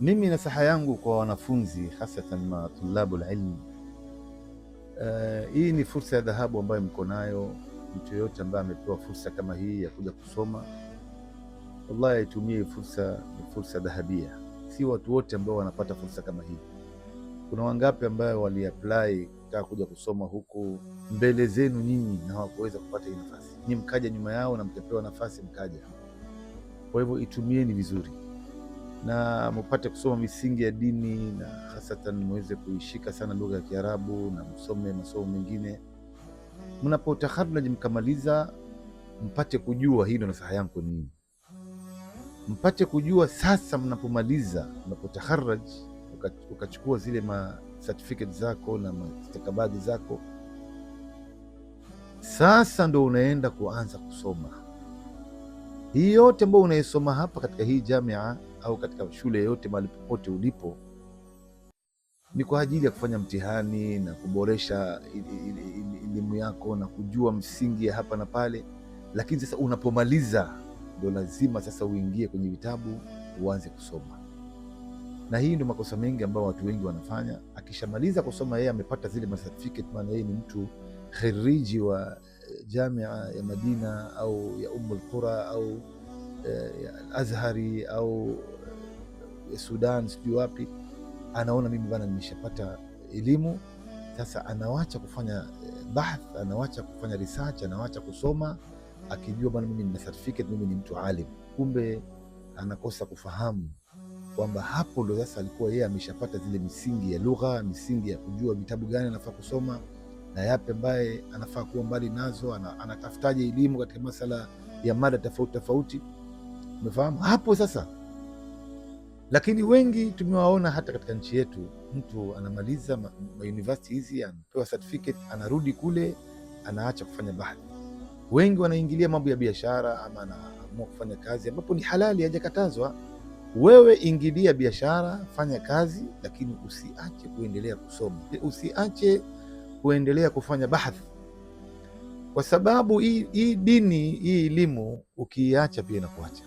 Mimi nasaha yangu kwa wanafunzi hasatan matulabu lilmi, uh, eh, hii ni fursa ya dhahabu ambayo mko nayo. Mtu yoyote ambaye amepewa fursa kama hii ya kuja kusoma, wallahi aitumie fursa. Ni fursa dhahabia, si watu wote ambao wanapata fursa kama hii. Kuna wangapi ambayo waliapply kutaka kuja kusoma huku mbele zenu nyinyi na hawakuweza kupata hii nafasi? Ni mkaja nyuma yao na mkapewa nafasi, mkaja. Kwa hivyo itumieni vizuri na mupate kusoma misingi ya dini na hasatan muweze kuishika sana lugha ya Kiarabu na msome masomo mengine. Mnapotaharaji mkamaliza, mpate kujua hii ndo nasaha yangu ni nini, mpate kujua sasa. Mnapomaliza, mnapotaharaji ukachukua zile ma certificate zako na mastakabadhi zako, sasa ndo unaenda kuanza kusoma hii yote ambayo unaisoma hapa katika hii jamia au katika shule yoyote, mahali popote ulipo, ni kwa ajili ya kufanya mtihani na kuboresha elimu yako na kujua msingi ya hapa na pale. Lakini sasa unapomaliza, ndio lazima sasa uingie kwenye vitabu uanze kusoma, na hii ndio makosa mengi ambayo watu wengi wanafanya. Akishamaliza kusoma, yeye amepata zile certificate, maana yeye ni mtu khiriji wa eh, Jamia ya Madina au ya Ummul Qura au Eh, Azhari au eh, Sudan sijui wapi, anaona mimi bana, nimeshapata elimu sasa, anawacha kufanya eh, bahth, anawacha kufanya research, anawacha kusoma akijua bana, mimi nina certificate, mimi ni mtu alim. Kumbe anakosa kufahamu kwamba hapo ndo sasa alikuwa yeye ameshapata zile misingi ya lugha, misingi ya kujua vitabu gani anafaa kusoma na yapi ambaye anafaa kuwa mbali nazo, anatafutaje elimu katika masala ya mada tofauti tofauti. Umefahamu hapo sasa. Lakini wengi tumewaona hata katika nchi yetu, mtu anamaliza mauniversity ma hizi anapewa certificate, anarudi kule anaacha kufanya bahthi. Wengi wanaingilia mambo ya biashara ama anaamua kufanya kazi ambapo ni halali, hajakatazwa. Wewe ingilia biashara, fanya kazi, lakini usiache kuendelea kusoma, usiache kuendelea kufanya bahthi, kwa sababu hii dini hii elimu ukiiacha pia inakuacha.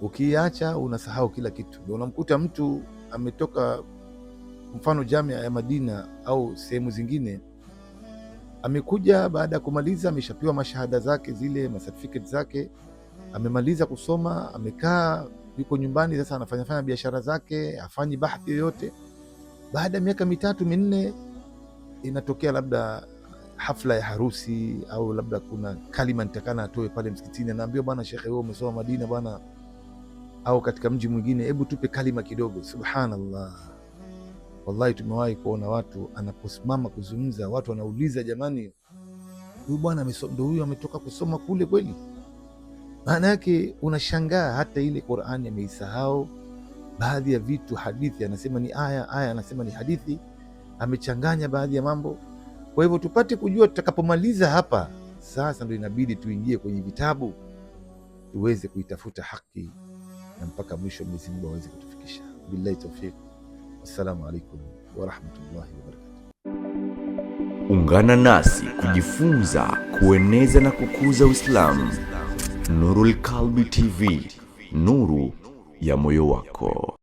Ukiacha unasahau kila kitu. Unamkuta mtu ametoka mfano jamia ya Madina au sehemu zingine, amekuja baada ya kumaliza, ameshapewa mashahada zake zile masertifiketi zake, amemaliza kusoma, amekaa yuko nyumbani sasa, anafanya fanya biashara zake, afanyi bahthi yoyote. Baada ya miaka mitatu minne, inatokea labda hafla ya harusi au labda kuna kalima nitakana atoe pale msikitini, anaambiwa bwana shekhe, wewe umesoma Madina bwana au katika mji mwingine, hebu tupe kalima kidogo. Subhanallah, wallahi tumewahi kuona watu anaposimama kuzungumza, watu wanauliza, jamani, huyu bwana ndo huyu ametoka kusoma kule kweli? Maana yake unashangaa hata ile Qur'ani ameisahau baadhi ya vitu, hadithi anasema ni aya, aya anasema ni hadithi, amechanganya baadhi ya mambo. Kwa hivyo tupate kujua, tutakapomaliza hapa sasa, ndo inabidi tuingie kwenye vitabu tuweze kuitafuta haki na mpaka mwisho Mwenyezi Mungu aweze kutufikisha. Billahi tawfiq. wassalamu alaikum warahmatullahi wabarakatuh. Ungana nasi kujifunza, kueneza na kukuza Uislamu. Nurul Kalbi TV, nuru ya moyo wako.